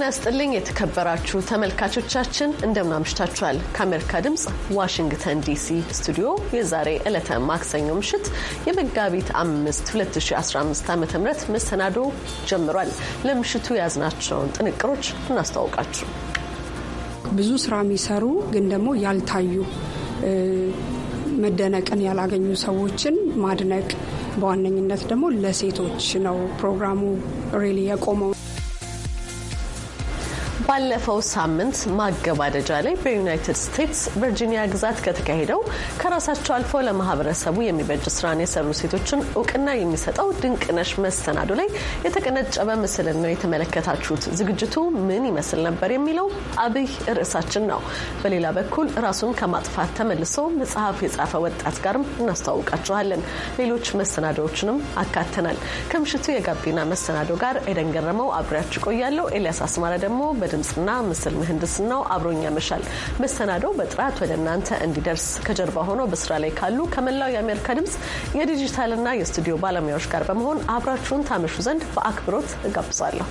ጤና ስጥልኝ የተከበራችሁ ተመልካቾቻችን እንደምናምሽታችኋል። ከአሜሪካ ድምፅ ዋሽንግተን ዲሲ ስቱዲዮ የዛሬ ዕለተ ማክሰኞ ምሽት የመጋቢት 5 2015 ዓ ም መሰናዶ ጀምሯል። ለምሽቱ የያዝናቸውን ጥንቅሮች እናስተዋውቃችሁ። ብዙ ስራ የሚሰሩ ግን ደግሞ ያልታዩ መደነቅን ያላገኙ ሰዎችን ማድነቅ በዋነኝነት ደግሞ ለሴቶች ነው ፕሮግራሙ ሬሊ የቆመው። ባለፈው ሳምንት ማገባደጃ ላይ በዩናይትድ ስቴትስ ቨርጂኒያ ግዛት ከተካሄደው ከራሳቸው አልፎ ለማህበረሰቡ የሚበጅ ስራን የሰሩ ሴቶችን እውቅና የሚሰጠው ድንቅነሽ መሰናዶ ላይ የተቀነጨበ ምስልን ነው የተመለከታችሁት። ዝግጅቱ ምን ይመስል ነበር የሚለው አብይ ርዕሳችን ነው። በሌላ በኩል ራሱን ከማጥፋት ተመልሶ መጽሐፍ የጻፈ ወጣት ጋርም እናስተዋውቃችኋለን። ሌሎች መሰናዶዎችንም አካተናል። ከምሽቱ የጋቢና መሰናዶ ጋር ኤደን ገረመው አብሬያችሁ ቆያለሁ። ኤልያስ አስማረ ደግሞ በድ ድምፅና ምስል ምህንድስናው አብሮኝ ያመሻል። መሰናዶው በጥራት ወደ እናንተ እንዲደርስ ከጀርባ ሆኖ በስራ ላይ ካሉ ከመላው የአሜሪካ ድምፅ የዲጂታልና የስቱዲዮ ባለሙያዎች ጋር በመሆን አብራችሁን ታመሹ ዘንድ በአክብሮት እጋብዛለሁ።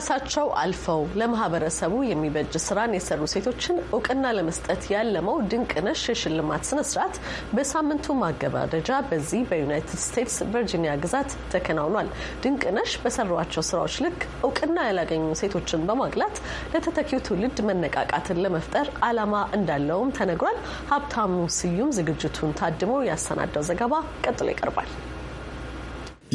ከራሳቸው አልፈው ለማህበረሰቡ የሚበጅ ስራን የሰሩ ሴቶችን እውቅና ለመስጠት ያለመው ድንቅነሽ የሽልማት ስነ ስርዓት በሳምንቱ ማገባደጃ በዚህ በዩናይትድ ስቴትስ ቨርጂኒያ ግዛት ተከናውኗል። ድንቅነሽ በሰሯቸው ስራዎች ልክ እውቅና ያላገኙ ሴቶችን በማግላት ለተተኪው ትውልድ መነቃቃትን ለመፍጠር አላማ እንዳለውም ተነግሯል። ሀብታሙ ስዩም ዝግጅቱን ታድሞ ያሰናዳው ዘገባ ቀጥሎ ይቀርባል።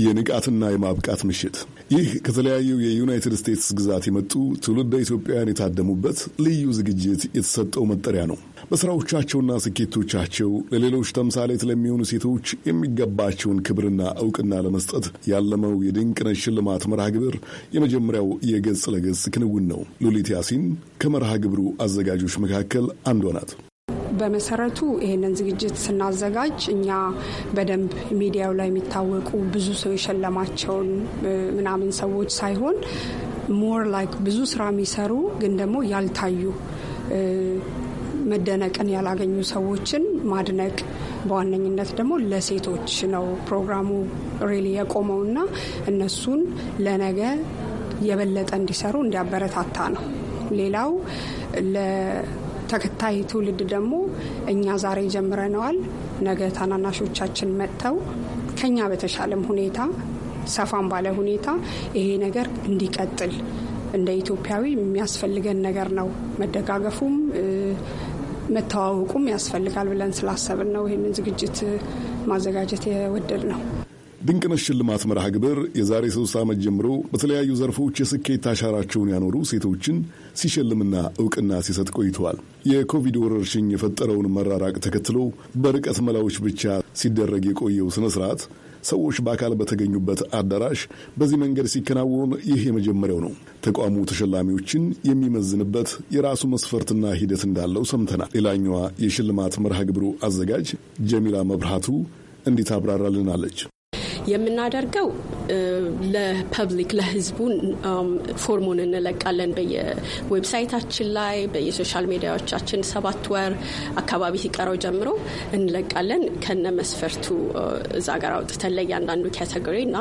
የንቃትና የማብቃት ምሽት ይህ ከተለያዩ የዩናይትድ ስቴትስ ግዛት የመጡ ትውልደ ኢትዮጵያውያን የታደሙበት ልዩ ዝግጅት የተሰጠው መጠሪያ ነው። በስራዎቻቸውና ስኬቶቻቸው ለሌሎች ተምሳሌት ለሚሆኑ ሴቶች የሚገባቸውን ክብርና እውቅና ለመስጠት ያለመው የድንቅነት ሽልማት መርሃ ግብር የመጀመሪያው የገጽ ለገጽ ክንውን ነው። ሉሊት ያሲን ከመርሃ ግብሩ አዘጋጆች መካከል አንዷ ናት። በመሰረቱ ይህንን ዝግጅት ስናዘጋጅ እኛ በደንብ ሚዲያው ላይ የሚታወቁ ብዙ ሰው የሸለማቸውን ምናምን ሰዎች ሳይሆን ሞር ላይክ ብዙ ስራ የሚሰሩ ግን ደግሞ ያልታዩ መደነቅን ያላገኙ ሰዎችን ማድነቅ በዋነኝነት ደግሞ ለሴቶች ነው ፕሮግራሙ ሬሊ የቆመውና እነሱን ለነገ የበለጠ እንዲሰሩ እንዲያበረታታ ነው። ሌላው ተከታይ ትውልድ ደግሞ እኛ ዛሬ ጀምረነዋል፣ ነገ ታናናሾቻችን መጥተው ከኛ በተሻለም ሁኔታ ሰፋም ባለ ሁኔታ ይሄ ነገር እንዲቀጥል እንደ ኢትዮጵያዊ የሚያስፈልገን ነገር ነው። መደጋገፉም መተዋወቁም ያስፈልጋል ብለን ስላሰብን ነው ይህንን ዝግጅት ማዘጋጀት የወደድ ነው። ድንቅነሽ ሽልማት መርሃ ግብር የዛሬ ሶስት ዓመት ጀምሮ በተለያዩ ዘርፎች የስኬት አሻራቸውን ያኖሩ ሴቶችን ሲሸልምና እውቅና ሲሰጥ ቆይተዋል። የኮቪድ ወረርሽኝ የፈጠረውን መራራቅ ተከትሎ በርቀት መላዎች ብቻ ሲደረግ የቆየው ስነ ስርዓት ሰዎች በአካል በተገኙበት አዳራሽ በዚህ መንገድ ሲከናወን ይህ የመጀመሪያው ነው። ተቋሙ ተሸላሚዎችን የሚመዝንበት የራሱ መስፈርትና ሂደት እንዳለው ሰምተናል። ሌላኛዋ የሽልማት መርሃ ግብሩ አዘጋጅ ጀሚላ መብርሃቱ እንዲት አብራራልናለች? የምናደርገው ለፐብሊክ ለህዝቡ ፎርሙን እንለቃለን። በየዌብሳይታችን ላይ በየሶሻል ሚዲያዎቻችን ሰባት ወር አካባቢ ሲቀረው ጀምሮ እንለቃለን። ከነ መስፈርቱ እዛ ጋር አውጥተን ለእያንዳንዱ ካቴጎሪ እና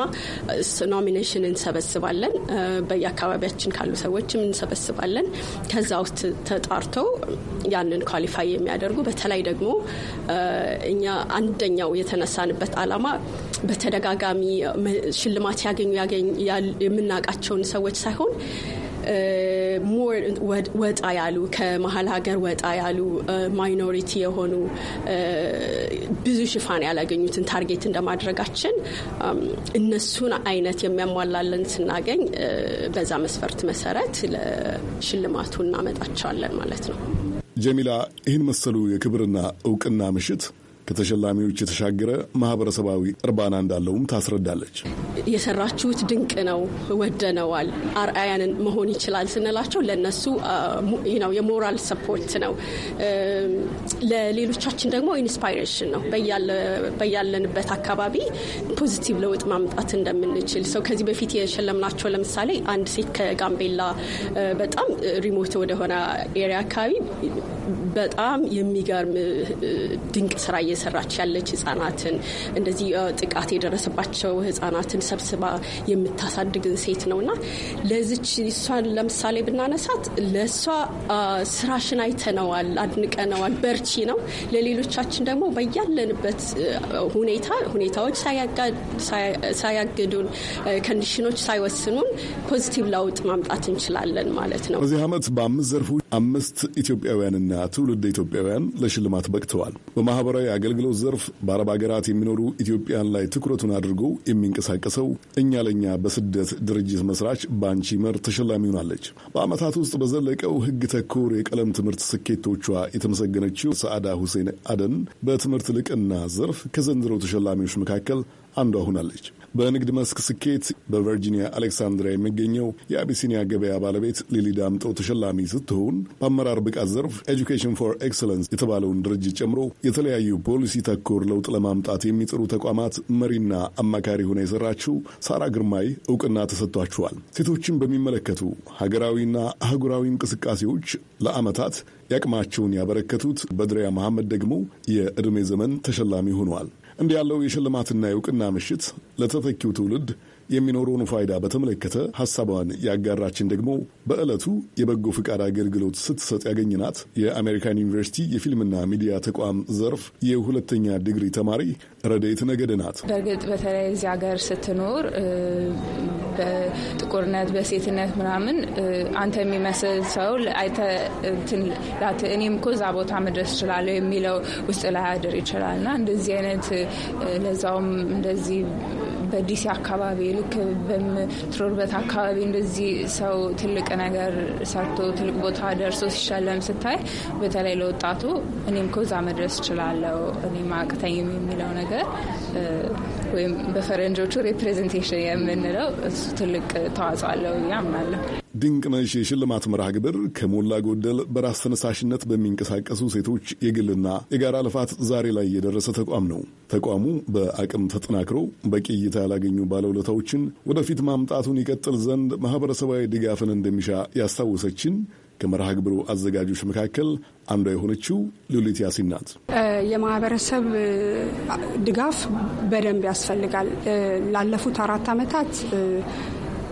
ኖሚኔሽን እንሰበስባለን። በየአካባቢያችን ካሉ ሰዎችም እንሰበስባለን። ከዛ ውስጥ ተጣርተው ያንን ኳሊፋይ የሚያደርጉ በተለይ ደግሞ እኛ አንደኛው የተነሳንበት አላማ በተደጋጋሚ ሽልማት ያገኙ የምናውቃቸውን ሰዎች ሳይሆን ሞር ወጣ ያሉ ከመሀል ሀገር ወጣ ያሉ ማይኖሪቲ የሆኑ ብዙ ሽፋን ያላገኙትን ታርጌት እንደማድረጋችን እነሱን አይነት የሚያሟላለን ስናገኝ በዛ መስፈርት መሰረት ለሽልማቱ እናመጣቸዋለን ማለት ነው። ጀሚላ፣ ይህን መሰሉ የክብርና እውቅና ምሽት ከተሸላሚዎች የተሻገረ ማህበረሰባዊ እርባና እንዳለውም ታስረዳለች። የሰራችሁት ድንቅ ነው፣ ወደነዋል፣ አርአያንን መሆን ይችላል ስንላቸው ለነሱ ነው የሞራል ሰፖርት ነው፣ ለሌሎቻችን ደግሞ ኢንስፓይሬሽን ነው በያለንበት አካባቢ ፖዚቲቭ ለውጥ ማምጣት እንደምንችል ሰው ከዚህ በፊት የሸለምናቸው ለምሳሌ አንድ ሴት ከጋምቤላ በጣም ሪሞት ወደሆነ ኤሪያ አካባቢ በጣም የሚገርም ድንቅ ስራ እየሰራች ያለች ህጻናትን እንደዚህ ጥቃት የደረሰባቸው ህጻናትን ሰብስባ የምታሳድግ ሴት ነውና ለዚች እሷን ለምሳሌ ብናነሳት ለእሷ ስራሽን አይተነዋል፣ አድንቀነዋል፣ በርቺ ነው። ለሌሎቻችን ደግሞ በያለንበት ሁኔታ ሁኔታዎች ሳያግዱን፣ ከንዲሽኖች ሳይወስኑን ፖዚቲቭ ለውጥ ማምጣት እንችላለን ማለት ነው። በዚህ ዓመት በአምስት ዘርፎች አምስት ኢትዮጵያውያንና ትውልድ ኢትዮጵያውያን ለሽልማት በቅተዋል። በማህበራዊ አገልግሎት ዘርፍ በአረብ ሀገራት የሚኖሩ ኢትዮጵያን ላይ ትኩረቱን አድርጎ የሚንቀሳቀሰው እኛ ለእኛ በስደት ድርጅት መስራች ባንቺ መር ተሸላሚ ሆናለች። በዓመታት ውስጥ በዘለቀው ህግ ተኮር የቀለም ትምህርት ስኬቶቿ የተመሰገነችው ሰዓዳ ሁሴን አደን በትምህርት ልቅና ዘርፍ ከዘንድሮው ተሸላሚዎች መካከል አንዷ ሆናለች። በንግድ መስክ ስኬት በቨርጂኒያ አሌክሳንድሪያ የሚገኘው የአቢሲኒያ ገበያ ባለቤት ሊሊ ዳምጠው ተሸላሚ ስትሆን በአመራር ብቃት ዘርፍ ኤጁኬሽን ፎር ኤክሰለንስ የተባለውን ድርጅት ጨምሮ የተለያዩ ፖሊሲ ተኮር ለውጥ ለማምጣት የሚጥሩ ተቋማት መሪና አማካሪ ሆነ የሰራችው ሳራ ግርማይ እውቅና ተሰጥቷችኋል። ሴቶችን በሚመለከቱ ሀገራዊና አህጉራዊ እንቅስቃሴዎች ለዓመታት የአቅማቸውን ያበረከቱት በድሪያ መሐመድ ደግሞ የዕድሜ ዘመን ተሸላሚ ሆነዋል። እንዲህ ያለው የሽልማትና የእውቅና ምሽት ለተተኪው ትውልድ የሚኖረውን ፋይዳ በተመለከተ ሀሳቧን ያጋራችን ደግሞ በዕለቱ የበጎ ፍቃድ አገልግሎት ስትሰጥ ያገኝናት የአሜሪካን ዩኒቨርሲቲ የፊልምና ሚዲያ ተቋም ዘርፍ የሁለተኛ ዲግሪ ተማሪ ረዴት ነገድ ናት። በእርግጥ በተለይ እዚህ ሀገር ስትኖር በጥቁርነት በሴትነት ምናምን አንተ የሚመስል ሰው እኔም እኮ እዛ ቦታ መድረስ እችላለሁ የሚለው ውስጥ ላይ አድር ይችላል እና እንደዚህ አይነት ለዛውም እንደዚህ በዲሲ አካባቢ ልክ በምትሮርበት አካባቢ እንደዚህ ሰው ትልቅ ነገር ሰርቶ ትልቅ ቦታ ደርሶ ሲሸለም ስታይ በተለይ ለወጣቱ እኔም ከዛ መድረስ እችላለሁ እኔም አቅተኝም የሚለው ነገር ወይም በፈረንጆቹ ሪፕሬዘንቴሽን የምንለው እሱ ትልቅ ተዋጽኦ አለው ብዬ አምናለሁ። ድንቅነሽ የሽልማት መርሃ ግብር ከሞላ ጎደል በራስ ተነሳሽነት በሚንቀሳቀሱ ሴቶች የግልና የጋራ ልፋት ዛሬ ላይ የደረሰ ተቋም ነው። ተቋሙ በአቅም ተጠናክሮ በቂ እይታ ያላገኙ ባለውለታዎችን ወደፊት ማምጣቱን ይቀጥል ዘንድ ማህበረሰባዊ ድጋፍን እንደሚሻ ያስታወሰችን ከመርሃ ግብሩ አዘጋጆች መካከል አንዷ የሆነችው ሉሊት ያሲን ናት። የማህበረሰብ ድጋፍ በደንብ ያስፈልጋል። ላለፉት አራት ዓመታት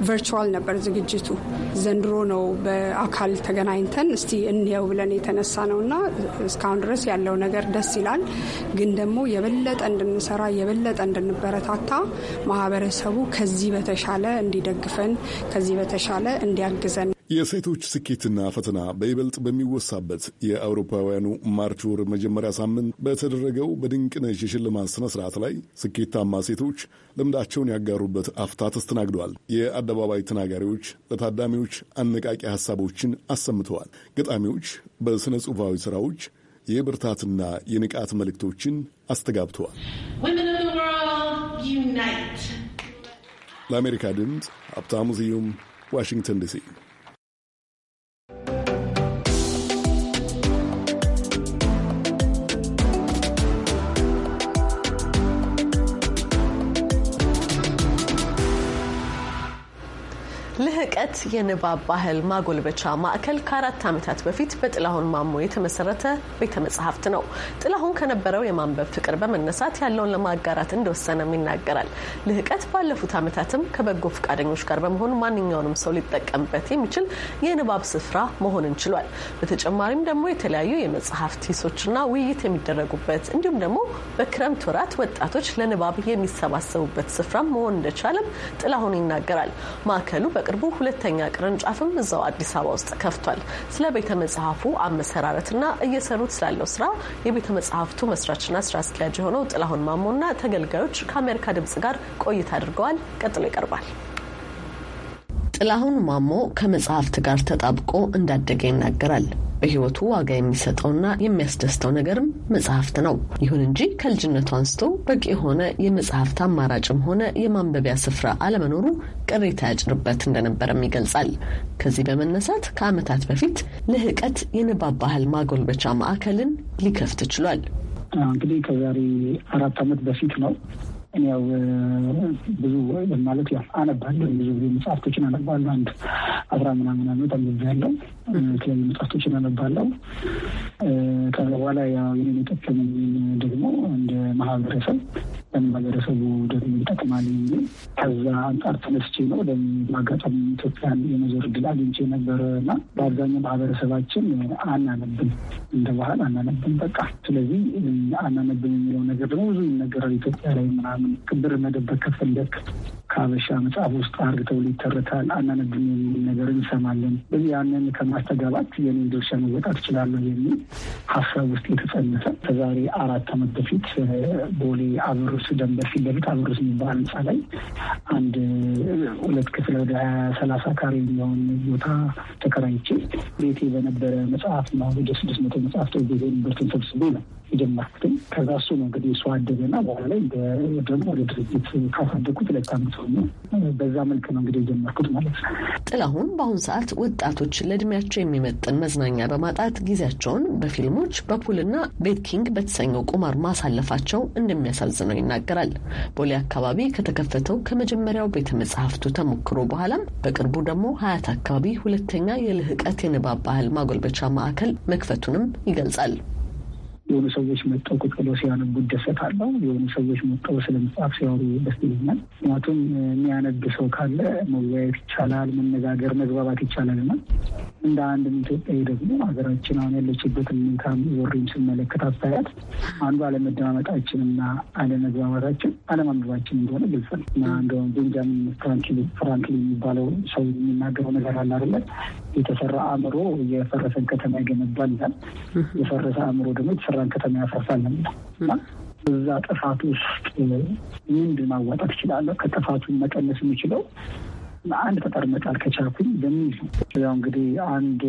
ቨርቹዋል ነበር ዝግጅቱ። ዘንድሮ ነው በአካል ተገናኝተን እስቲ እንየው ብለን የተነሳ ነው እና እስካሁን ድረስ ያለው ነገር ደስ ይላል። ግን ደግሞ የበለጠ እንድንሰራ የበለጠ እንድንበረታታ ማህበረሰቡ ከዚህ በተሻለ እንዲደግፈን ከዚህ በተሻለ እንዲያግዘን የሴቶች ስኬትና ፈተና በይበልጥ በሚወሳበት የአውሮፓውያኑ ማርች ወር መጀመሪያ ሳምንት በተደረገው በድንቅነሽ የሽልማት ስነ ስርዓት ላይ ስኬታማ ሴቶች ልምዳቸውን ያጋሩበት አፍታ ተስተናግደዋል። የአደባባይ ተናጋሪዎች ለታዳሚዎች አነቃቂ ሀሳቦችን አሰምተዋል። ገጣሚዎች በሥነ ጽሑፋዊ ሥራዎች የብርታትና የንቃት መልእክቶችን አስተጋብተዋል። ለአሜሪካ ድምፅ ሀብታሙ ስዩም ዋሽንግተን ዲሲ የጥምቀት የንባብ ባህል ማጎልበቻ ማዕከል ከአራት ዓመታት በፊት በጥላሁን ማሞ የተመሰረተ ቤተ መጽሐፍት ነው። ጥላሁን ከነበረው የማንበብ ፍቅር በመነሳት ያለውን ለማጋራት እንደወሰነም ይናገራል። ልህቀት ባለፉት ዓመታትም ከበጎ ፈቃደኞች ጋር በመሆን ማንኛውንም ሰው ሊጠቀምበት የሚችል የንባብ ስፍራ መሆንን ችሏል። በተጨማሪም ደግሞ የተለያዩ የመጽሐፍት ሂሶችና ውይይት የሚደረጉበት እንዲሁም ደግሞ በክረምት ወራት ወጣቶች ለንባብ የሚሰባሰቡበት ስፍራ መሆን እንደቻለም ጥላሁን ይናገራል። ማዕከሉ በቅርቡ ሁለተኛ ቅርንጫፍም እዛው አዲስ አበባ ውስጥ ከፍቷል። ስለ ቤተ መጽሐፉ አመሰራረትና እየሰሩት ስላለው ስራ የቤተ መጽሐፍቱ መስራችና ስራ አስኪያጅ የሆነው ጥላሁን ማሞና ተገልጋዮች ከአሜሪካ ድምጽ ጋር ቆይታ አድርገዋል። ቀጥሎ ይቀርባል። ጥላሁን ማሞ ከመጽሐፍት ጋር ተጣብቆ እንዳደገ ይናገራል። በህይወቱ ዋጋ የሚሰጠውና የሚያስደስተው ነገርም መጽሐፍት ነው። ይሁን እንጂ ከልጅነቱ አንስቶ በቂ የሆነ የመጽሐፍት አማራጭም ሆነ የማንበቢያ ስፍራ አለመኖሩ ቅሬታ ያጭርበት እንደነበረም ይገልጻል። ከዚህ በመነሳት ከዓመታት በፊት ልህቀት የንባብ ባህል ማጎልበቻ ማዕከልን ሊከፍት ችሏል። እንግዲህ ከዛሬ አራት ዓመት በፊት ነው ያው ብዙ ማለት ያው አነባለሁ ብዙ ጊዜ መጽሐፍቶችን አነባለሁ። አንድ አስራ ምናምን ዓመት ያለው የተለያዩ መጽሐፍቶችን አነባለሁ። ከዛ በኋላ ያው የኔን የጠቀመኝን ደግሞ እንደ ማህበረሰብ ለማህበረሰቡ ደግሞ ይጠቅማል የሚል ከዛ አንጻር ተነስቼ ነው ለማጋጠም ኢትዮጵያን የመዞር ድል አግኝቼ ነበረና በአብዛኛው ማህበረሰባችን አናነብን፣ እንደ ባህል አናነብን በቃ። ስለዚህ አናነብን የሚለው ነገር ደግሞ ብዙ ይነገራል ኢትዮጵያ ላይ ምናምን ክብር መደበቅ ከፈለክ ከሀበሻ መጽሐፍ ውስጥ አርግ ተብሎ ይተረታል። የሚል ነገር እንሰማለን። በዚህ ያንን ከማስተጋባት የኔን ድርሻ መወጣት እችላለሁ የሚል ሀሳብ ውስጥ የተጸነሰ ከዛሬ አራት ዓመት በፊት ቦሌ አብር ሱዳን በፊት ለፊት አብሮስ የሚባል ህንፃ ላይ አንድ ሁለት ክፍል ወደ ሀያ ሰላሳ ካሬ የሚሆን ቦታ ተከራይቼ ቤቴ በነበረ መጽሐፍ እና ወደ ስድስት መቶ መጽሐፍቶች ቤቴ ንብረትን ሰብስቤ ነው የጀመርኩትም ከዛ እሱ ነው እንግዲህ እሱ አደገና በኋላ ላይ ደግሞ ወደ ድርጅት ካሳደግኩት ሁለት አመት ሆኖ በዛ መልክ ነው እንግዲህ የጀመርኩት ማለት ነው። ጥላሁን በአሁኑ ሰዓት ወጣቶች ለእድሜያቸው የሚመጥን መዝናኛ በማጣት ጊዜያቸውን በፊልሞች በፑልና ቤትኪንግ በተሰኘው ቁማር ማሳለፋቸው እንደሚያሳዝነው ይናገራል። ቦሌ አካባቢ ከተከፈተው ከመጀመሪያው ቤተ መጽሐፍቱ ተሞክሮ በኋላም በቅርቡ ደግሞ ሀያት አካባቢ ሁለተኛ የልህቀት የንባብ ባህል ማጎልበቻ ማዕከል መክፈቱንም ይገልጻል። የሆኑ ሰዎች መጠው ቁጭ ብለው ሲያነቡ እደሰታለሁ። የሆኑ ሰዎች መጠው ስለ መጽሐፍ ሲያወሩ ደስ ይለኛል። ምክንያቱም የሚያነብ ሰው ካለ መወያየት ይቻላል፣ መነጋገር፣ መግባባት ይቻላል እና እንደ አንድ ኢትዮጵያዊ ደግሞ ሀገራችን አሁን ያለችበት ሁኔታ ወሬም ስመለከት አስተያየት አንዱ አለመደማመጣችንና አለመግባባታችን አለማንበባችን እንደሆነ ግልጽ ነው እና እንደውም ቤንጃሚን ፍራንክሊን የሚባለው ሰው የሚናገረው ነገር አለ አይደለ? የተሰራ አእምሮ የፈረሰን ከተማ ይገነባል ይላል። የፈረሰ አእምሮ ደግሞ የተሰራ የአዲስ አበባን ከተማ ያፈርሳል የሚለው እዛ ጥፋት ውስጥ ምንድን ማዋጣት ይችላለሁ? ከጥፋቱን መቀነስ የሚችለው አንድ ጠጠር መጣል ከቻልኩኝ በሚል ያው እንግዲህ አንድ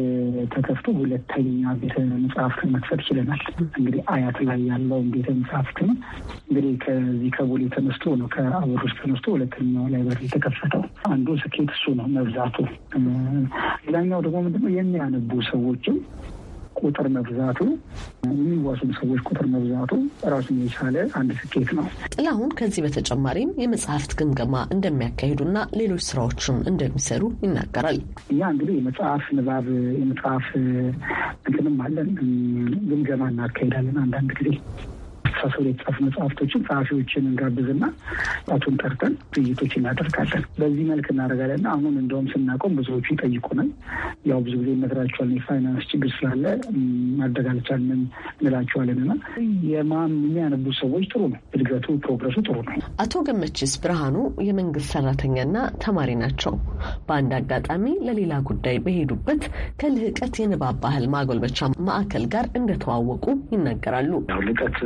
ተከፍቶ ሁለተኛ ቤተ መጽሐፍት መክፈት ችለናል። እንግዲህ አያት ላይ ያለውን ቤተ መጽሐፍትን እንግዲህ ከዚህ ከቦሌ ተነስቶ ነው ከአበሮች ተነስቶ ሁለተኛው ላይብረሪ የተከፈተው። አንዱ ስኬት እሱ ነው መብዛቱ። ሌላኛው ደግሞ ምንድነው የሚያነቡ ሰዎችም ቁጥር መብዛቱ የሚዋሱም ሰዎች ቁጥር መብዛቱ ራሱን የቻለ አንድ ስኬት ነው። ጥላሁን ከዚህ በተጨማሪም የመጽሐፍት ግምገማ እንደሚያካሂዱና ሌሎች ስራዎችም እንደሚሰሩ ይናገራል። እኛ እንግዲህ የመጽሐፍ ንባብ የመጽሐፍ እንትንም አለን፣ ግምገማ እናካሄዳለን አንዳንድ ጊዜ ከሰው የተጻፉ መጽሐፍቶችን ጸሐፊዎችን እንጋብዝና አቶን ጠርተን ውይይቶች እናደርጋለን። በዚህ መልክ እናደርጋለን። አሁን እንደውም ስናቆም ብዙዎቹ ይጠይቁናል። ያው ብዙ ጊዜ እነግራቸዋለን የፋይናንስ ችግር ስላለ ማድረግ አልቻልንም እንላቸዋለን እና የማም የሚያነቡ ሰዎች ጥሩ ነው። እድገቱ ፕሮግረሱ ጥሩ ነው። አቶ ገመችስ ብርሃኑ የመንግስት ሰራተኛና ተማሪ ናቸው። በአንድ አጋጣሚ ለሌላ ጉዳይ በሄዱበት ከልህቀት የንባብ ባህል ማጎልበቻ ማዕከል ጋር እንደተዋወቁ ይናገራሉ። ልቀት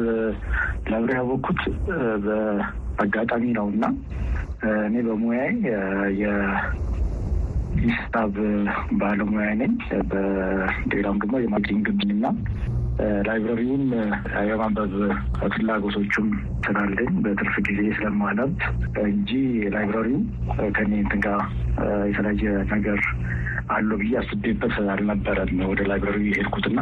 ለብር ያወቅኩት በአጋጣሚ ነው እና እኔ በሙያዬ የሂሳብ ባለሙያ ነኝ። በሌላም ደግሞ የማርኬቲንግ እና ላይብረሪውን የማንበብ ፍላጎቶቹም ስላለኝ በትርፍ ጊዜ ስለማለብ እንጂ ላይብረሪው ከኔ እንትን ጋር የተለያየ ነገር አሉ ብዬ አስቤበት አልነበረም ወደ ላይብረሪ የሄድኩትና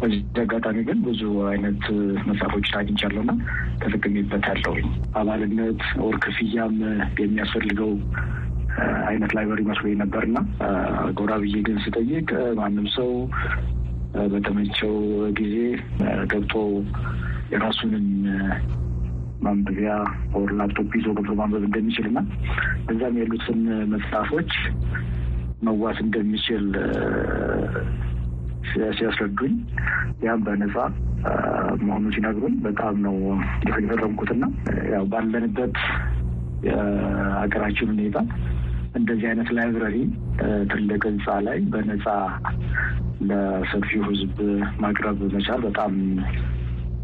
በዚህ አጋጣሚ ግን ብዙ አይነት መጽሐፎች አግኝቻለሁና ያለው አባልነት ወር ክፍያም የሚያስፈልገው አይነት ላይብረሪ መስሎኝ ነበርና ጎራ ብዬ ግን ስጠይቅ ማንም ሰው በተመቸው ጊዜ ገብቶ የራሱንም ማንበቢያ ወር ላፕቶፕ ይዞ ገብቶ ማንበብ እንደሚችል እና እዛም ያሉትን መጽሐፎች መዋስ እንደሚችል ሲያስረዱኝ ያም በነፃ መሆኑ ሲነግሩኝ በጣም ነው የፈረምኩትና ያው ባለንበት የሀገራችን ሁኔታ እንደዚህ አይነት ላይብረሪ ትልቅ ህንፃ ላይ በነፃ ለሰፊው ህዝብ ማቅረብ መቻል በጣም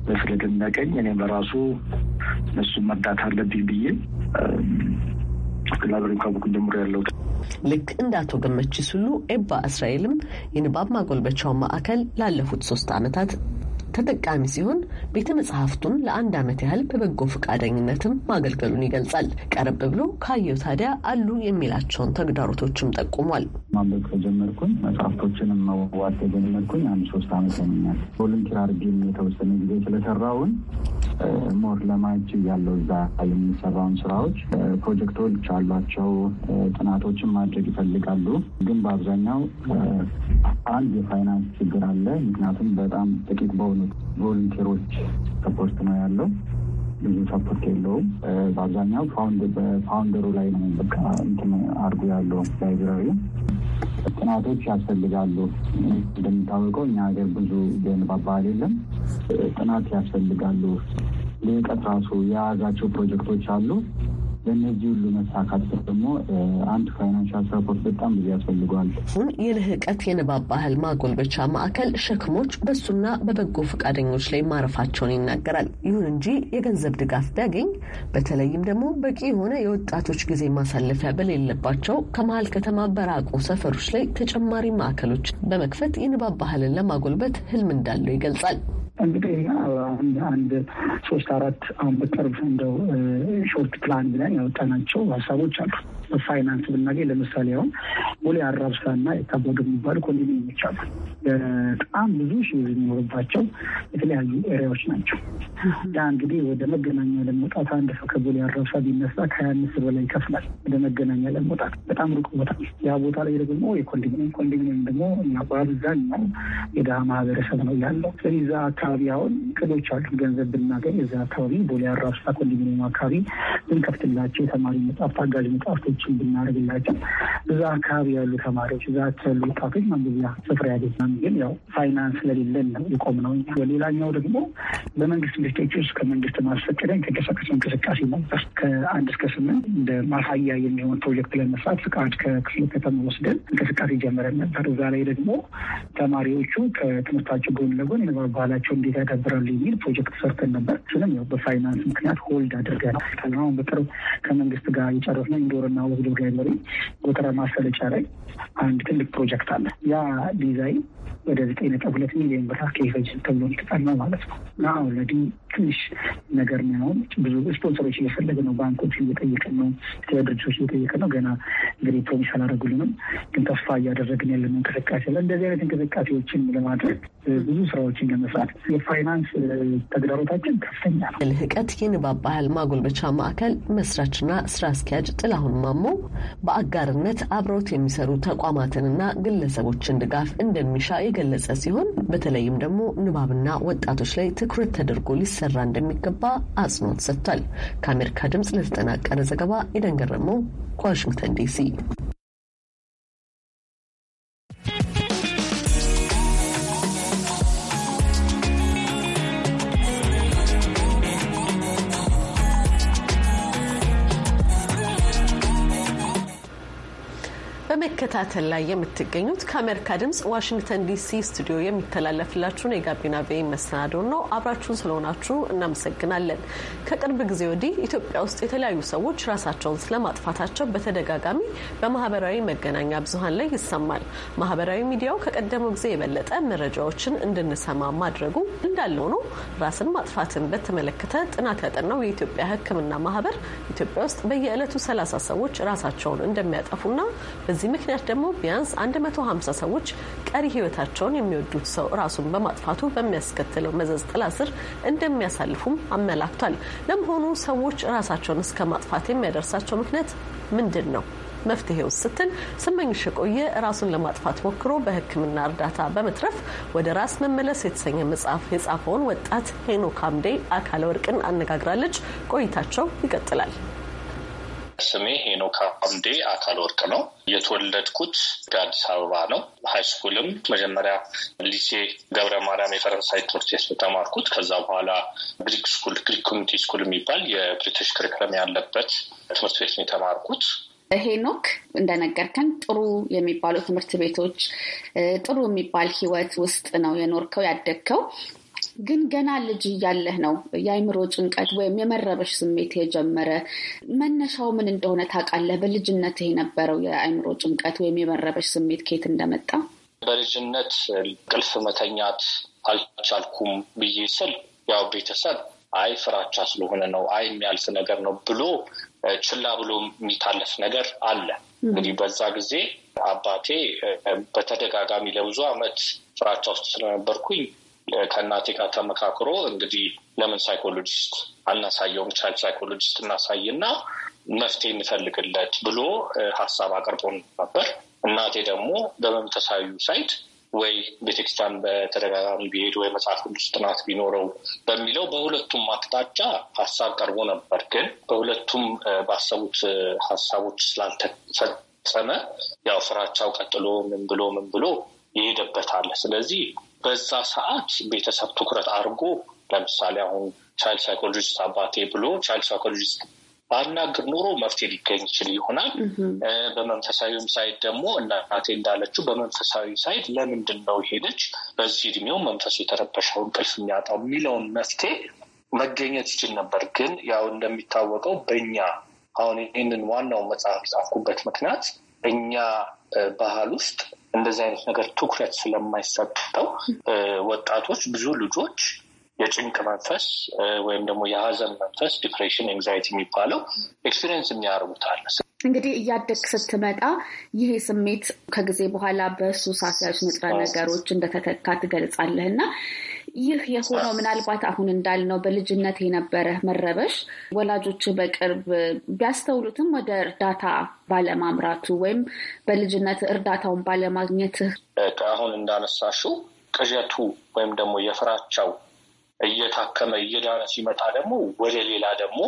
በስለደነቀኝ እኔም በራሱ እነሱም መርዳት አለብኝ ብዬ ትክክል አብረን ካወቅን ጀምሮ ያለው ልክ እንደ አቶ ገመችስ ሁሉ ኤባ እስራኤልም የንባብ ማጎልበቻው ማዕከል ላለፉት ሶስት ዓመታት ተጠቃሚ ሲሆን ቤተ መጽሐፍቱን ለአንድ ዓመት ያህል በበጎ ፈቃደኝነትም ማገልገሉን ይገልጻል። ቀረብ ብሎ ካየው ታዲያ አሉ የሚላቸውን ተግዳሮቶችም ጠቁሟል። ማንበብ ከጀመርኩኝ መጽሐፍቶችንም መዋዋል ከጀመርኩኝ አንድ ሶስት ዓመት ሆኖኛል። ቮለንቲር አድርጌም የተወሰነ ጊዜ ስለሰራውን ሞር ለማጅ ያለው እዛ የሚሰራውን ስራዎች ፕሮጀክቶች አሏቸው። ጥናቶችን ማድረግ ይፈልጋሉ። ግን በአብዛኛው አንድ የፋይናንስ ችግር አለ። ምክንያቱም በጣም ጥቂት በሆኑ ቮሉንቴሮች ሰፖርት ነው ያለው። ብዙ ሰፖርት የለውም። በአብዛኛው በፋውንደሩ ላይ ነው በቃ እንትን አድርጎ ያለው ላይብራሪ ጥናቶች ያስፈልጋሉ። እንደሚታወቀው እኛ ሀገር ብዙ ገንባባ የለም። ጥናት ያስፈልጋሉ። ልቀት ራሱ የያዛቸው ፕሮጀክቶች አሉ ለእነዚህ ሁሉ መሳካት ደግሞ አንድ ፋይናንሻል ሰፖርት በጣም ብዙ ያስፈልገዋል። ፉን የልህቀት የንባብ ባህል ማጎልበቻ ማዕከል ሸክሞች በእሱና በበጎ ፈቃደኞች ላይ ማረፋቸውን ይናገራል። ይሁን እንጂ የገንዘብ ድጋፍ ቢያገኝ በተለይም ደግሞ በቂ የሆነ የወጣቶች ጊዜ ማሳለፊያ በሌለባቸው ከመሀል ከተማ በራቁ ሰፈሮች ላይ ተጨማሪ ማዕከሎች በመክፈት የንባብ ባህልን ለማጎልበት ህልም እንዳለው ይገልጻል። እንግዲህ አንድ ሶስት አራት አሁን በቅርብ እንደው ሾርት ፕላን ብለን ያወጣናቸው ሀሳቦች አሉ። ፋይናንስ ብናገኝ ለምሳሌ አሁን ቦሌ አራብሳ እና የታባዶ የሚባሉ ኮንዶሚኒየሞች አሉ። በጣም ብዙ ሺ የሚኖርባቸው የተለያዩ ኤሪያዎች ናቸው። ያ እንግዲህ ወደ መገናኛ ለመውጣት አንድ ሰው ከቦሌ አራብሳ ቢነሳ ከሀያ አምስት በላይ ይከፍላል። ወደ መገናኛ ለመውጣት በጣም ሩቅ ቦታ። ያ ቦታ ላይ ደግሞ የኮንዶሚኒየም ኮንዶሚኒየም ደግሞ በአብዛኛው የድሃ ማህበረሰብ ነው ያለው። ስለዚህ እዛ አካባቢ አሁን ቅዶች አሉ። ገንዘብ ብናገኝ እዛ አካባቢ ቦሌ አራብሳ ኮንዶሚኒየም አካባቢ ብንከፍትላቸው የተማሪ መጽሐፍት፣ አጋዥ መጽሐፍቶች ነገሮችን ብናደርግላቸው እዛ አካባቢ ያሉ ተማሪዎች እዛ ያሉ ወጣቶች ማንገኛ ስፍራ ያገኛም። ግን ያው ፋይናንስ ለሌለን ነው የቆም ነው። ሌላኛው ደግሞ በመንግስት ኢንቨስቶች ውስጥ ከመንግስት ማስፈቀደ የተንቀሳቀሱ እንቅስቃሴ ማውጣት ከአንድ እስከ ስምንት እንደ ማሳያ የሚሆን ፕሮጀክት ለመስራት ፍቃድ ከክፍለ ከተማ ወስደን እንቅስቃሴ ጀመረን ነበር። እዛ ላይ ደግሞ ተማሪዎቹ ከትምህርታቸው ጎን ለጎን የንባብ ባህላቸው እንዴት ያዳብራሉ የሚል ፕሮጀክት ሰርተን ነበር። ስለም ያው በፋይናንስ ምክንያት ሆልድ አድርገናል። አሁን በቅርብ ከመንግስት ጋር የጨረስነው ኢንዶርና በግድብ ላይብረሪ ጎተራ ማሰለጫ ላይ አንድ ትልቅ ፕሮጀክት አለ። ያ ዲዛይን ወደ ዘጠኝ ነጥብ ሁለት ሚሊዮን ብር አካባቢ ይፈጅል ተብሎ የተጠና ማለት ነው። እና ኦልሬዲ ትንሽ ነገር ነው። ብዙ ስፖንሰሮች እየፈለገ ነው። ባንኮች እየጠየቀ ነው። ድርጅቶች እየጠየቀ ነው። ገና እንግዲህ ፕሮሚስ አላደረጉልንም፣ ግን ተስፋ እያደረግን ያለን እንቅስቃሴ አለ። እንደዚህ አይነት እንቅስቃሴዎችን ለማድረግ ብዙ ስራዎችን ለመስራት የፋይናንስ ተግዳሮታችን ከፍተኛ ነው። ልህቀት የንባብ ባህል ማጎልበቻ ማዕከል መስራችና ስራ አስኪያጅ ጥላሁን ማሞ በአጋርነት አብረውት የሚሰሩ ተቋማትንና ግለሰቦችን ድጋፍ እንደሚሻ የገለጸ ሲሆን በተለይም ደግሞ ንባብና ወጣቶች ላይ ትኩረት ተደርጎ ሊሰራ እንደሚገባ አጽንኦት ሰጥቷል። ከአሜሪካ ድምፅ ለተጠናቀረ ዘገባ ኤደን ገረመው ከዋሽንግተን ዲሲ በመከታተል ላይ የምትገኙት ከአሜሪካ ድምጽ ዋሽንግተን ዲሲ ስቱዲዮ የሚተላለፍላችሁን የጋቢና ቬይ መሰናዶን ነው። አብራችሁን ስለሆናችሁ እናመሰግናለን። ከቅርብ ጊዜ ወዲህ ኢትዮጵያ ውስጥ የተለያዩ ሰዎች ራሳቸውን ስለማጥፋታቸው በተደጋጋሚ በማህበራዊ መገናኛ ብዙሀን ላይ ይሰማል። ማህበራዊ ሚዲያው ከቀደመው ጊዜ የበለጠ መረጃዎችን እንድንሰማ ማድረጉ እንዳለው ነው። ራስን ማጥፋትን በተመለከተ ጥናት ያጠናው የኢትዮጵያ ሕክምና ማህበር ኢትዮጵያ ውስጥ በየዕለቱ ሰላሳ ሰዎች ራሳቸውን እንደሚያጠፉና በዚህ ምክንያት ጥናት ደግሞ ቢያንስ 150 ሰዎች ቀሪ ህይወታቸውን የሚወዱት ሰው ራሱን በማጥፋቱ በሚያስከትለው መዘዝ ጥላ ስር እንደሚያሳልፉም አመላክቷል። ለመሆኑ ሰዎች ራሳቸውን እስከ ማጥፋት የሚያደርሳቸው ምክንያት ምንድን ነው? መፍትሄው ስትል ስመኝሽ የቆየ ራሱን ለማጥፋት ሞክሮ በሕክምና እርዳታ በመትረፍ ወደ ራስ መመለስ የተሰኘ መጽሐፍ የጻፈውን ወጣት ሄኖክ አምዴ አካለ ወርቅን አነጋግራለች። ቆይታቸው ይቀጥላል። ስሜ ሄኖክ አምዴ አካል ወርቅ ነው። የተወለድኩት በአዲስ አበባ ነው። ሃይስኩልም መጀመሪያ ሊሴ ገብረ ማርያም የፈረንሳይ ትምህርት ቤት ተማርኩት። ከዛ በኋላ ግሪክ ስኩል ግሪክ ኮሚኒቲ ስኩል የሚባል የብሪቲሽ ክሪክለም ያለበት ትምህርት ቤት ነው የተማርኩት። ሄኖክ እንደነገርከን ጥሩ የሚባሉ ትምህርት ቤቶች ጥሩ የሚባል ህይወት ውስጥ ነው የኖርከው ያደግከው። ግን ገና ልጅ እያለህ ነው የአይምሮ ጭንቀት ወይም የመረበሽ ስሜት የጀመረ። መነሻው ምን እንደሆነ ታውቃለህ? በልጅነት የነበረው የአይምሮ ጭንቀት ወይም የመረበሽ ስሜት ከየት እንደመጣ? በልጅነት ቅልፍ መተኛት አልቻልኩም ብዬ ስል ያው ቤተሰብ አይ ፍራቻ ስለሆነ ነው፣ አይ የሚያልፍ ነገር ነው ብሎ ችላ ብሎ የሚታለፍ ነገር አለ። እንግዲህ በዛ ጊዜ አባቴ በተደጋጋሚ ለብዙ ዓመት ፍራቻ ውስጥ ስለነበርኩኝ ከእናቴ ጋር ተመካክሮ እንግዲህ ለምን ሳይኮሎጂስት አናሳየውም ቻል ሳይኮሎጂስት እናሳይና መፍትሄ እንፈልግለት ብሎ ሀሳብ አቅርቦ ነበር። እናቴ ደግሞ በመንፈሳዊ ሳይድ ወይ ቤተክርስቲያን በተደጋጋሚ ቢሄድ ወይ መጽሐፍ ቅዱስ ጥናት ቢኖረው በሚለው በሁለቱም አቅጣጫ ሀሳብ ቀርቦ ነበር። ግን በሁለቱም ባሰቡት ሀሳቦች ስላልተፈጸመ ያው ፍራቻው ቀጥሎ ምን ብሎ ምን ብሎ ይሄደበታል። ስለዚህ በዛ ሰዓት ቤተሰብ ትኩረት አድርጎ ለምሳሌ አሁን ቻይልድ ሳይኮሎጂስት አባቴ ብሎ ቻይልድ ሳይኮሎጂስት ባናግር ኖሮ መፍትሄ ሊገኝ ይችል ይሆናል። በመንፈሳዊም ሳይድ ደግሞ እናቴ እንዳለችው በመንፈሳዊ ሳይድ ለምንድን ነው ሄደች በዚህ እድሜው መንፈሱ የተረበሸው እንቅልፍ የሚያጣው የሚለውን መፍትሄ መገኘት ይችል ነበር። ግን ያው እንደሚታወቀው በእኛ አሁን ይህንን ዋናው መጽሐፍ ጻፍኩበት ምክንያት እኛ ባህል ውስጥ እንደዚህ አይነት ነገር ትኩረት ስለማይሰጠው ወጣቶች ብዙ ልጆች የጭንቅ መንፈስ ወይም ደግሞ የሀዘን መንፈስ ዲፕሬሽን፣ ኤንግዛይቲ የሚባለው ኤክስፒሪየንስ የሚያርጉታል። እንግዲህ እያደግ ስትመጣ ይሄ ስሜት ከጊዜ በኋላ በሱስ አስያዥ ንጥረ ነገሮች እንደተተካ ትገልጻለህ እና ይህ የሆነው ምናልባት አሁን እንዳልነው በልጅነት የነበረ መረበሽ ወላጆች በቅርብ ቢያስተውሉትም ወደ እርዳታ ባለማምራቱ ወይም በልጅነት እርዳታውን ባለማግኘትህ ከአሁን እንዳነሳሹ ቅዠቱ ወይም ደግሞ የፍራቻው እየታከመ እየዳነ ሲመጣ ደግሞ ወደ ሌላ ደግሞ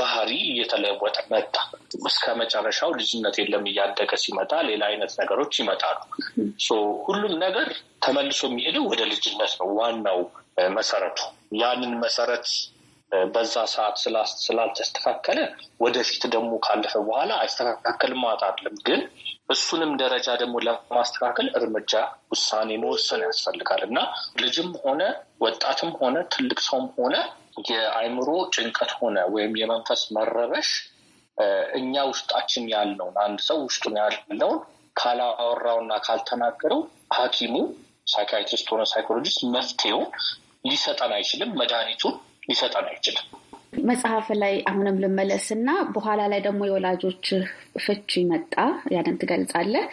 ባህሪ እየተለወጠ መጣ። እስከ መጨረሻው ልጅነት የለም እያደገ ሲመጣ ሌላ አይነት ነገሮች ይመጣሉ። ሁሉም ነገር ተመልሶ የሚሄደው ወደ ልጅነት ነው ዋናው መሰረቱ። ያንን መሰረት በዛ ሰዓት ስላልተስተካከለ ወደፊት ደግሞ ካለፈ በኋላ አይስተካከል ማለት አይደለም። ግን እሱንም ደረጃ ደግሞ ለማስተካከል እርምጃ ውሳኔ መወሰን ያስፈልጋል እና ልጅም ሆነ ወጣትም ሆነ ትልቅ ሰውም ሆነ የአይምሮ ጭንቀት ሆነ ወይም የመንፈስ መረበሽ እኛ ውስጣችን ያለውን አንድ ሰው ውስጡ ያለውን ካላወራውና ካልተናገረው ሐኪሙ ሳይካትሪስት ሆነ ሳይኮሎጂስት መፍትሄውን ሊሰጠን አይችልም። መድኃኒቱን ሊሰጠን አይችልም። መጽሐፍ ላይ አሁንም ልመለስ እና በኋላ ላይ ደግሞ የወላጆች ፍቺ መጣ። ያንን ትገልጻለህ።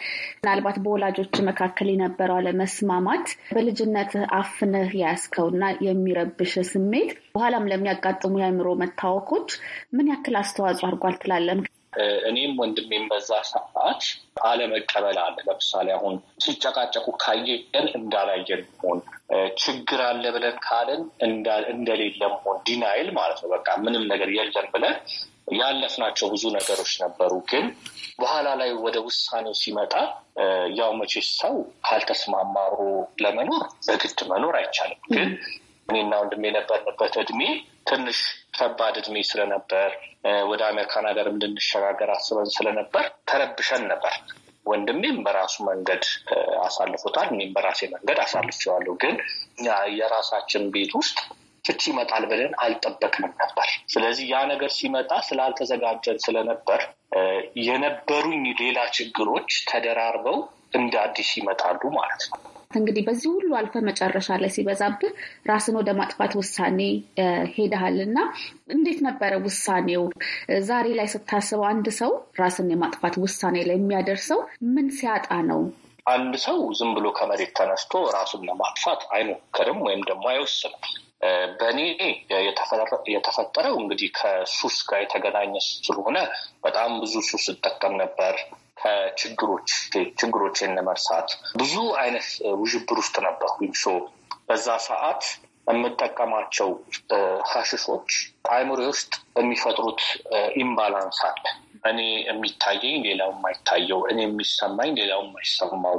ምናልባት በወላጆች መካከል የነበረው አለመስማማት በልጅነት አፍንህ ያዝከው እና የሚረብሽ ስሜት በኋላም ለሚያጋጥሙ የአእምሮ መታወኮች ምን ያክል አስተዋጽኦ አድርጓል ትላለን? እኔም ወንድሜም በዛ ሰዓት አለመቀበል አለ። ለምሳሌ አሁን ሲጨቃጨቁ ካየን እንዳላየን መሆን፣ ችግር አለ ብለን ካለን እንደሌለ መሆን፣ ዲናይል ማለት ነው። በቃ ምንም ነገር የለም ብለን ያለፍናቸው ብዙ ነገሮች ነበሩ። ግን በኋላ ላይ ወደ ውሳኔው ሲመጣ ያው መቼ ሰው ካልተስማማሩ ለመኖር በግድ መኖር አይቻልም። ግን እኔና ወንድሜ የነበርንበት እድሜ ትንሽ ከባድ እድሜ ስለነበር ወደ አሜሪካን ሀገር እንድንሸጋገር አስበን ስለነበር ተረብሸን ነበር። ወንድሜም በራሱ መንገድ አሳልፎታል፣ እኔም በራሴ መንገድ አሳልፌዋለሁ። ግን የራሳችን ቤት ውስጥ ፍቺ ይመጣል ብለን አልጠበቅንም ነበር። ስለዚህ ያ ነገር ሲመጣ ስላልተዘጋጀን ስለነበር የነበሩኝ ሌላ ችግሮች ተደራርበው እንደ አዲስ ይመጣሉ ማለት ነው። እንግዲህ በዚህ ሁሉ አልፈ መጨረሻ ላይ ሲበዛብህ ራስን ወደ ማጥፋት ውሳኔ ሄደሃል እና እንዴት ነበረ ውሳኔው? ዛሬ ላይ ስታስበው አንድ ሰው ራስን የማጥፋት ውሳኔ ላይ የሚያደርሰው ምን ሲያጣ ነው? አንድ ሰው ዝም ብሎ ከመሬት ተነስቶ ራሱን ለማጥፋት አይሞክርም ወይም ደግሞ አይወስንም። በእኔ የተፈጠረው እንግዲህ ከሱስ ጋር የተገናኘ ስለሆነ በጣም ብዙ ሱስ እጠቀም ነበር። ከችግሮች ችግሮችን ለመርሳት ብዙ አይነት ውዥብር ውስጥ ነበርኩኝ። ሶ በዛ ሰዓት የምጠቀማቸው ሀሽሾች አይምሬ ውስጥ የሚፈጥሩት ኢምባላንስ አለ። እኔ የሚታየኝ ሌላው የማይታየው፣ እኔ የሚሰማኝ ሌላው የማይሰማው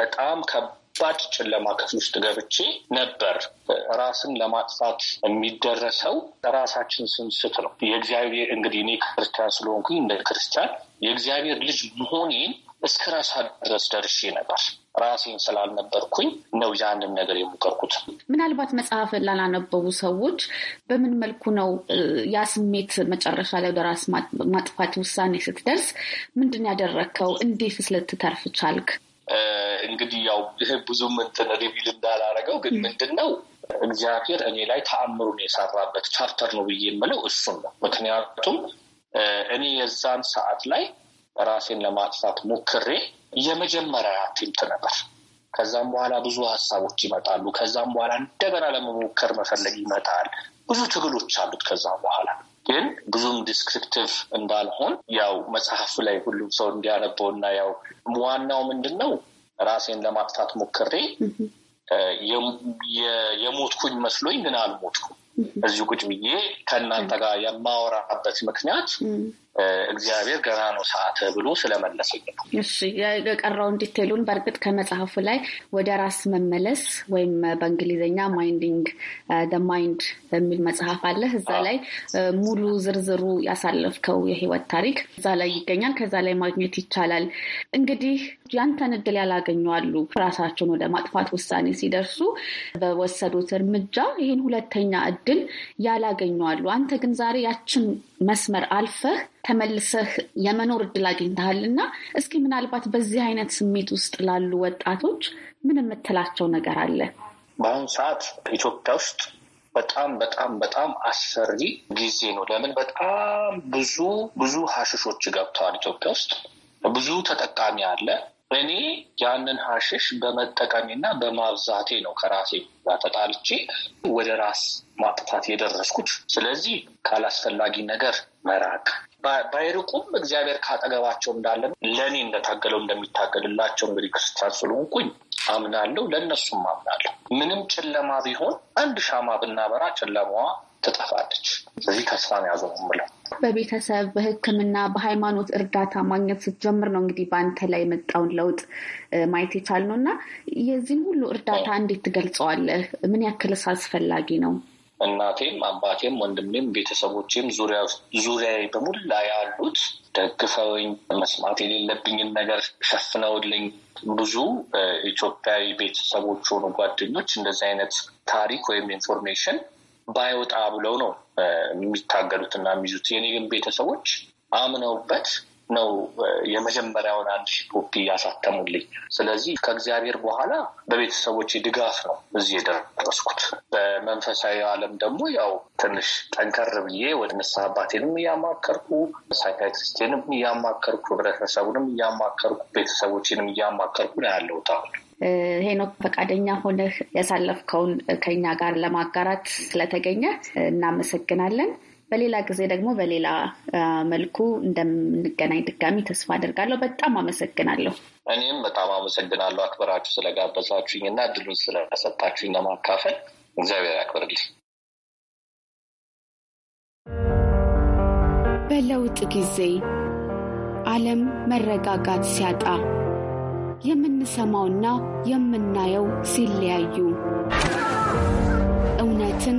በጣም ከባድ ጨለማ ክፍል ውስጥ ገብቼ ነበር። ራስን ለማጥፋት የሚደረሰው ራሳችን ስንስት ነው። የእግዚአብሔር እንግዲህ እኔ ክርስቲያን ስለሆንኩኝ እንደ ክርስቲያን የእግዚአብሔር ልጅ መሆኔን እስከ ራሳ ድረስ ደርሼ ነበር። ራሴን ስላልነበርኩኝ ነው ያንን ነገር የሞከርኩት። ምናልባት መጽሐፍ ላላነበቡ ሰዎች በምን መልኩ ነው ያ ስሜት መጨረሻ ላይ ወደ ራስ ማጥፋት ውሳኔ ስትደርስ ምንድን ያደረግከው? እንዴት ስለትተርፍ ቻልክ? እንግዲህ ያው ብዙም እንትን ሪቪል እንዳላረገው ግን ምንድን ነው እግዚአብሔር እኔ ላይ ተአምሩን የሰራበት ቻርተር ነው ብዬ የምለው እሱን ነው። ምክንያቱም እኔ የዛን ሰዓት ላይ ራሴን ለማጥፋት ሞክሬ የመጀመሪያ አቴምት ነበር። ከዛም በኋላ ብዙ ሀሳቦች ይመጣሉ። ከዛም በኋላ እንደገና ለመሞከር መፈለግ ይመጣል። ብዙ ትግሎች አሉት። ከዛም በኋላ ግን ብዙም ዲስክሪፕቲቭ እንዳልሆን ያው መጽሐፉ ላይ ሁሉም ሰው እንዲያነበውና ያው ዋናው ምንድን ነው ራሴን ለማጥፋት ሞክሬ የሞትኩኝ መስሎኝ ግን አልሞትኩም። እዚሁ ቁጭ ብዬ ከእናንተ ጋር የማወራበት ምክንያት እግዚአብሔር ገና ነው ሰዓት ብሎ ስለመለሰኝ ነው። እሺ የቀረውን ዲቴሉን በእርግጥ ከመጽሐፉ ላይ ወደ ራስ መመለስ ወይም በእንግሊዝኛ ማይንዲንግ ደ ማይንድ የሚል መጽሐፍ አለ። እዛ ላይ ሙሉ ዝርዝሩ ያሳለፍከው የህይወት ታሪክ እዛ ላይ ይገኛል። ከዛ ላይ ማግኘት ይቻላል። እንግዲህ ያንተን እድል ያላገኘዋሉ ራሳቸውን ወደ ማጥፋት ውሳኔ ሲደርሱ በወሰዱት እርምጃ ይህን ሁለተኛ እድል ያላገኘዋሉ። አንተ ግን ዛሬ ያችን መስመር አልፈህ ተመልሰህ የመኖር እድል አግኝተሃል እና እስኪ ምናልባት በዚህ አይነት ስሜት ውስጥ ላሉ ወጣቶች ምን የምትላቸው ነገር አለ? በአሁኑ ሰዓት ኢትዮጵያ ውስጥ በጣም በጣም በጣም አሰሪ ጊዜ ነው። ለምን በጣም ብዙ ብዙ ሀሽሾች ገብተዋል ኢትዮጵያ ውስጥ ብዙ ተጠቃሚ አለ። እኔ ያንን ሀሽሽ በመጠቀሜና በማብዛቴ ነው ከራሴ ጋር ተጣልቼ ወደ ራስ ማጥፋት የደረስኩት። ስለዚህ ካላስፈላጊ ነገር መራቅ፣ ባይርቁም እግዚአብሔር ካጠገባቸው እንዳለ ለእኔ እንደታገለው እንደሚታገልላቸው እንግዲህ ክርስቲያን ስለሆንኩኝ አምናለሁ፣ ለእነሱም አምናለሁ። ምንም ጨለማ ቢሆን አንድ ሻማ ብናበራ ጨለማዋ ትጠፋለች። ስለዚህ ተስፋ ነው ያዘው ምለው በቤተሰብ በሕክምና በሃይማኖት እርዳታ ማግኘት ስትጀምር ነው እንግዲህ በአንተ ላይ የመጣውን ለውጥ ማየት የቻልነው እና የዚህን ሁሉ እርዳታ እንዴት ትገልጸዋለህ? ምን ያክልስ አስፈላጊ ነው? እናቴም አባቴም ወንድሜም ቤተሰቦቼም ዙሪያ በሙላ ያሉት ደግፈውኝ መስማት የሌለብኝን ነገር ሸፍነውልኝ ብዙ ኢትዮጵያዊ ቤተሰቦች ሆኑ ጓደኞች እንደዚህ አይነት ታሪክ ወይም ኢንፎርሜሽን ባይወጣ ብለው ነው የሚታገሉትና የሚይዙት። የኔ ግን ቤተሰቦች አምነውበት ነው የመጀመሪያውን አንድ ሺ ኮፒ ያሳተሙልኝ። ስለዚህ ከእግዚአብሔር በኋላ በቤተሰቦች ድጋፍ ነው እዚህ የደረስኩት። በመንፈሳዊ ዓለም ደግሞ ያው ትንሽ ጠንከር ብዬ ወደ ንስሐ አባቴንም እያማከርኩ ሳይካትሪስቴንም እያማከርኩ ህብረተሰቡንም እያማከርኩ ቤተሰቦችንም እያማከርኩ ነው ያለሁት አሁን። ሄኖክ ፈቃደኛ ሆነህ ያሳለፍከውን ከኛ ጋር ለማጋራት ስለተገኘ እናመሰግናለን። በሌላ ጊዜ ደግሞ በሌላ መልኩ እንደምንገናኝ ድጋሚ ተስፋ አድርጋለሁ። በጣም አመሰግናለሁ። እኔም በጣም አመሰግናለሁ አክብራችሁ ስለጋበዛችሁኝ እና እድሉን ስለሰጣችሁኝ ለማካፈል እግዚአብሔር ያክብርልኝ። በለውጥ ጊዜ ዓለም መረጋጋት ሲያጣ የምንሰማውና የምናየው ሲለያዩ እውነትን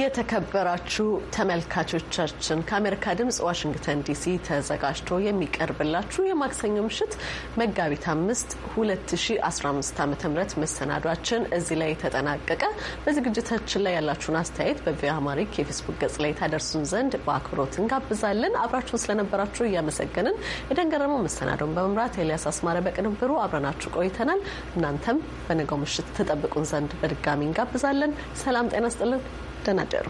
የተከበራችሁ ተመልካቾቻችን ከአሜሪካ ድምጽ ዋሽንግተን ዲሲ ተዘጋጅቶ የሚቀርብላችሁ የማክሰኞ ምሽት መጋቢት አምስት 2015 ዓ ም መሰናዷችን እዚህ ላይ ተጠናቀቀ። በዝግጅታችን ላይ ያላችሁን አስተያየት በቪኦኤ አማሪክ የፌስቡክ ገጽ ላይ ታደርሱን ዘንድ በአክብሮት እንጋብዛለን። አብራችሁን ስለነበራችሁ እያመሰገንን የደንገረመው መሰናዶን በመምራት ኤልያስ አስማረ በቅንብሩ አብረናችሁ ቆይተናል። እናንተም በነገው ምሽት ተጠብቁን ዘንድ በድጋሚ እንጋብዛለን። ሰላም ጤና ስጥልን። ደህና ደሩ።